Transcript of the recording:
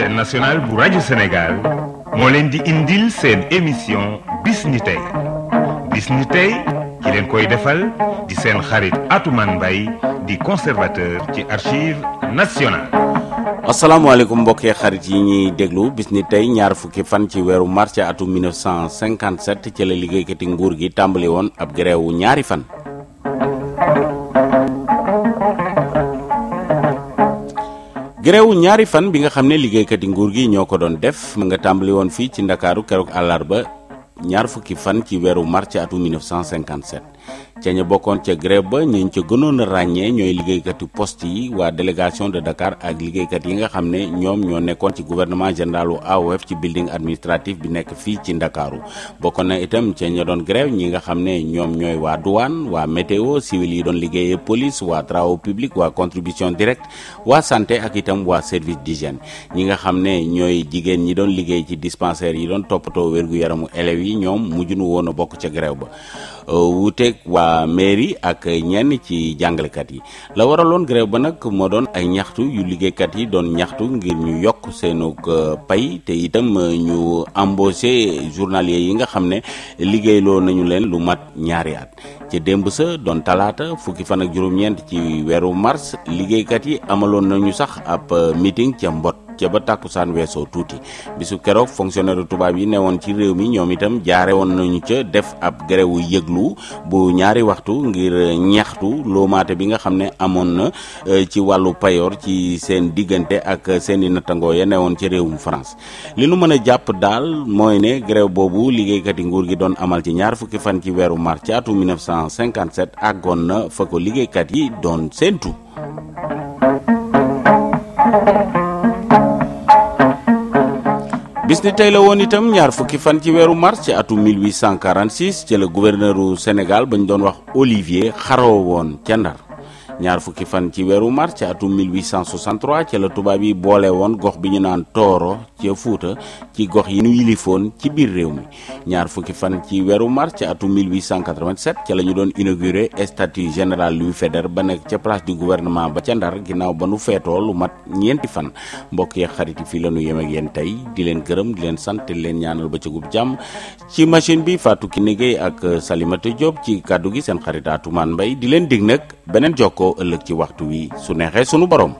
chaîne nationale bu rajo Sénégal moo leen di indil seen émission bis ni tey bis ni tey ki leen koy defal di seen xarit Atoumane Mbaye di conservateur ci archive nationale asalaamaaleykum mbokkee xarit yi ñuy déglu bis ni tey ñaar fukki fan ci weeru mars atum 1957 ci la liggéeykati nguur gi tàmbali woon ab grève wu ñaari fan gréewu ñaari fan bi nga xam ne liggéeykat yi nguur gi ñoo ko doon def mu nga tàmbali woon fii ci ndakaaru keroog àllarba ñaar fukki fan ci weeru mars atum 1957 ca ña bokkoon ca grève ba ñañ ca gënoon ràññee ñooy liggéeykati post yi waa délégation de Dakar ak liggéeykat yi nga xam ne ñoom ñoo nekkoon ci gouvernement généralu AOF ci building administratif bi nekk fii ci Ndakaaru bokkoon na itam ca ña doon grève ñi nga xam ne ñoom ñooy waa douane waa météo civil yi doon liggéeyee police waa travaux publics waa contribution directe waa santé ak itam waa service di d'hygiène ñi nga xam ne ñooy jigéen ñi doon liggéey ci dispensaire yi doon toppatoo wérgu yaramu élèves yi ñoom mujj nu woon a bokk ca grève ba wuuteeg waa waa mairie ak ñenn ci jàngalekat yi la waraloon grève ba nag moo doon ay ñaxtu yu liggéeykat yi doon ñaxtu ngir ñu yokk seenug euh, pay te itam euh, ñu embauché journalier yi nga xam ne liggéeyloo nañu leen lu mat ñaari at ci démb sa doon talaata fukki fan ak juróom-ñeent ci weeru mars liggéeykat yi amaloon nañu sax ab euh, meeting ca mbot ca ba tàkkusaan weesoo tuuti bisu keroog fonctionnaire tubaab yi newoon ci réew mi ñoom itam jaare woon nañu ca def ab gréwu yëglu bu ñaari waxtu ngir ñaxtu loomaate bi nga xam ne amoon na eh, ci wàllu payoor ci seen diggante ak seeni i nattangoo ya newoon ci réewum France li nu mën a jàpp daal mooy ne gréw boobu liggéeykati nguur gi doon amal ci ñaar fukki fan ci weeru mars ci atum 1957 àggoon na fa ko liggéeykat yi doon séentu. bis ni tey la woon itam ñaar fukki fan ci weeru mars ci atum 1846 ci la gouverneuru Sénégal ba ñu doon wax Olivier xaroo woon ca Ndar ñaar fukki fan ci weeru mars ci atum 1863 ci la tubaab yi boole woon gox bi ñu naan Tooro ca Fuuta ci gox yi ñu yilifoon ci biir réew mi ñaar fukki fan ci weeru mars ci atum 1887 ci la ñu doon inauguré statue général Louis Faidherbe ba nekk ca place du gouvernement ba ca Ndar ginnaaw ba nu feetoo lu mat ñeenti fan mbokk yi xarit yi fii la ñu yem yéen tey di leen gërëm di leen sant di leen ñaanal ba ca jàmm ci machine bi Fatou Kiné Gueye ak Salimata Diop ci kàddu gi seen xarit Atoumane Mbaye di leen dig nag beneen jokkoo yeewoo ci waxtu wi su neexee sunu borom.